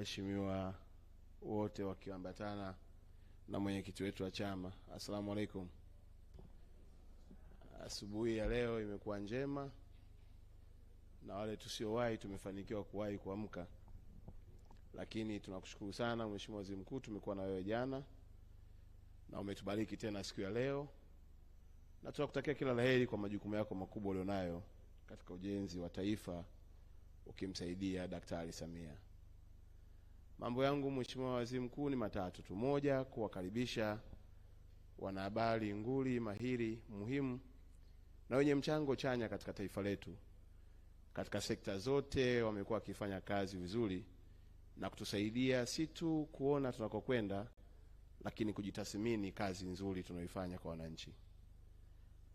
waheshimiwa wote wakiambatana na mwenyekiti wetu wa chama, asalamu alaikum. Asubuhi ya leo imekuwa njema, na wale tusiowahi tumefanikiwa kuwahi kuamka, lakini tunakushukuru sana Mheshimiwa Waziri Mkuu, tumekuwa na wewe jana na umetubariki tena siku ya leo, na tunakutakia kila laheri kwa majukumu yako makubwa ulionayo katika ujenzi wa taifa ukimsaidia Daktari Samia. Mambo yangu Mheshimiwa Waziri Mkuu ni matatu tu. Moja, kuwakaribisha wanahabari nguli mahiri muhimu na wenye mchango chanya katika taifa letu. Katika sekta zote wamekuwa wakifanya kazi vizuri na kutusaidia si tu kuona tunakokwenda, lakini kujitathmini kazi nzuri tunayoifanya kwa wananchi.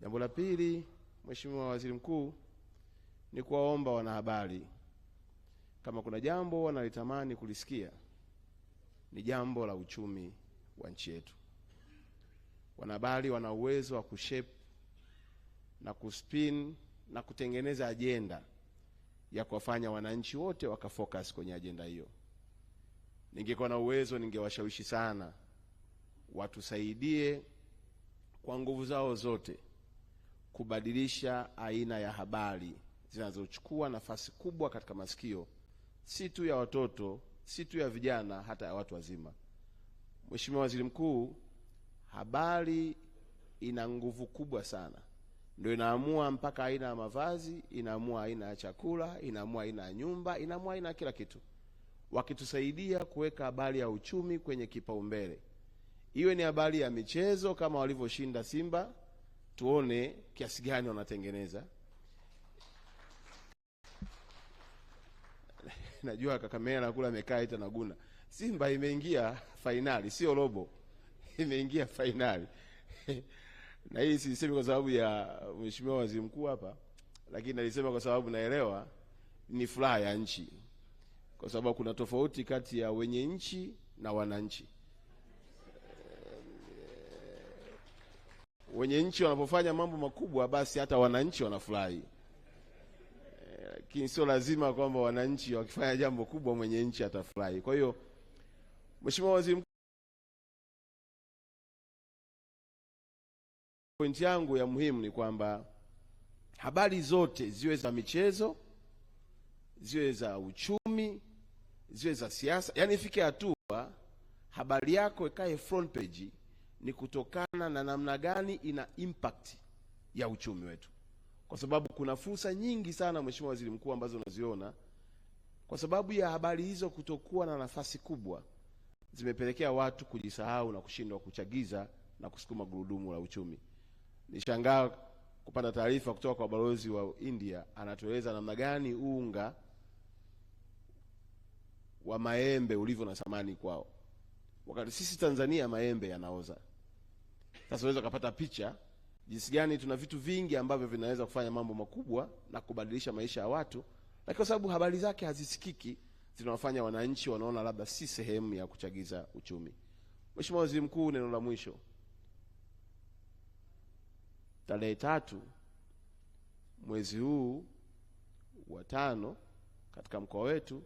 Jambo la pili, Mheshimiwa Waziri Mkuu, ni kuwaomba wanahabari kama kuna jambo wanalitamani kulisikia ni jambo la uchumi wa nchi yetu. Wanahabari wana uwezo wa kushape na kuspin na kutengeneza ajenda ya kuwafanya wananchi wote wakafocus kwenye ajenda hiyo. Ningekuwa na uwezo, ningewashawishi sana watusaidie kwa nguvu zao zote kubadilisha aina ya habari zinazochukua nafasi kubwa katika masikio si tu ya watoto si tu ya vijana, hata ya watu wazima. Mheshimiwa Waziri Mkuu, habari ina nguvu kubwa sana, ndio inaamua mpaka aina ya mavazi, inaamua aina ya chakula, inaamua aina ya nyumba, inaamua aina ya kila kitu. Wakitusaidia kuweka habari ya uchumi kwenye kipaumbele, iwe ni habari ya michezo, kama walivyoshinda Simba, tuone kiasi gani wanatengeneza najua kakamela kula amekaa ita naguna. Simba imeingia fainali, sio robo, imeingia fainali na hii sisemi kwa sababu ya mheshimiwa waziri mkuu hapa, lakini nalisema kwa sababu naelewa ni furaha ya nchi, kwa sababu kuna tofauti kati ya wenye nchi na wananchi. Wenye nchi wanapofanya mambo makubwa, basi hata wananchi wanafurahi lakini sio lazima kwamba wananchi wakifanya jambo kubwa mwenye nchi atafurahi. Kwa hiyo Mheshimiwa Waziri Mkuu, pointi yangu ya muhimu ni kwamba habari zote ziwe za michezo, ziwe za uchumi, ziwe za siasa, yaani ifike hatua habari yako ikae front page, ni kutokana na namna gani ina impact ya uchumi wetu kwa sababu kuna fursa nyingi sana, Mheshimiwa Waziri Mkuu, ambazo unaziona kwa sababu ya habari hizo kutokuwa na nafasi kubwa, zimepelekea watu kujisahau na kushindwa kuchagiza na kusukuma gurudumu la uchumi. Nishangaa kupata taarifa kutoka kwa balozi wa India, anatueleza namna gani unga wa maembe ulivyo na thamani kwao, wakati sisi Tanzania maembe yanaoza. Sasa unaweza kupata picha jinsi gani tuna vitu vingi ambavyo vinaweza kufanya mambo makubwa na kubadilisha maisha ya watu, lakini kwa sababu habari zake hazisikiki, zinawafanya wananchi wanaona labda si sehemu ya kuchagiza uchumi. Mheshimiwa Waziri Mkuu, neno la mwisho. Tarehe tatu mwezi huu wa tano katika mkoa wetu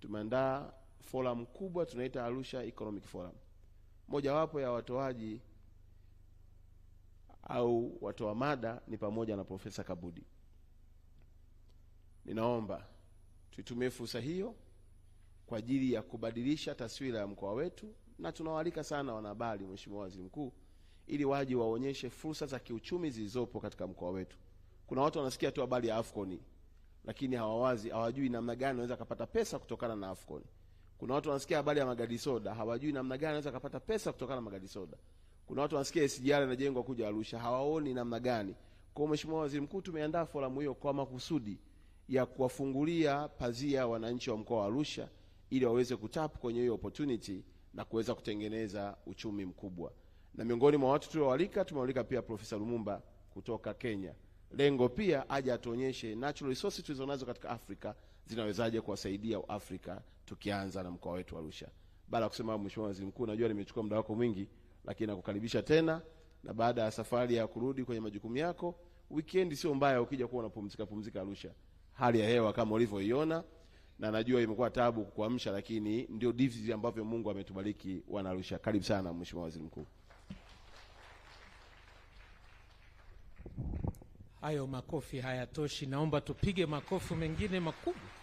tumeandaa forum kubwa tunaita Arusha Economic Forum, mojawapo ya watoaji au watoa mada ni pamoja na Profesa Kabudi. Ninaomba tuitumie fursa hiyo kwa ajili ya kubadilisha taswira ya mkoa wetu, na tunawaalika sana wanahabari, Mheshimiwa Waziri Mkuu, ili waje waonyeshe fursa za kiuchumi zilizopo katika mkoa wetu. Kuna watu wanasikia tu habari ya Afcon lakini hawawazi, hawajui namna gani wanaweza kupata pesa kutokana na Afcon. Kuna watu wanasikia habari ya magadi soda, hawajui namna gani wanaweza kupata pesa kutokana na magadi soda. Kuna watu wanasikia SGR inajengwa kuja Arusha, hawaoni namna gani. Kwa Mheshimiwa Waziri Mkuu, tumeandaa forum hiyo kwa makusudi ya kuwafungulia pazia wananchi wa mkoa wa Arusha ili waweze kutap kwenye hiyo opportunity na kuweza kutengeneza uchumi mkubwa. Na miongoni mwa watu tuliowalika, tumewalika pia Profesa Lumumba kutoka Kenya. Lengo pia aje atuonyeshe natural resources tulizonazo katika Afrika zinawezaje kuwasaidia Afrika, tukianza na mkoa wetu Arusha. Baada ya kusema, Mheshimiwa Waziri Mkuu, najua nimechukua muda wako mwingi lakini nakukaribisha tena, na baada ya safari ya kurudi kwenye majukumu yako, weekend sio mbaya ukija kuwa unapumzika pumzika Arusha. Hali ya hewa kama ulivyoiona, na najua imekuwa tabu kukuamsha, lakini ndio divi ambavyo Mungu ametubariki wana Arusha. Karibu sana Mheshimiwa Waziri Mkuu. Hayo makofi hayatoshi, naomba tupige makofi mengine makubwa.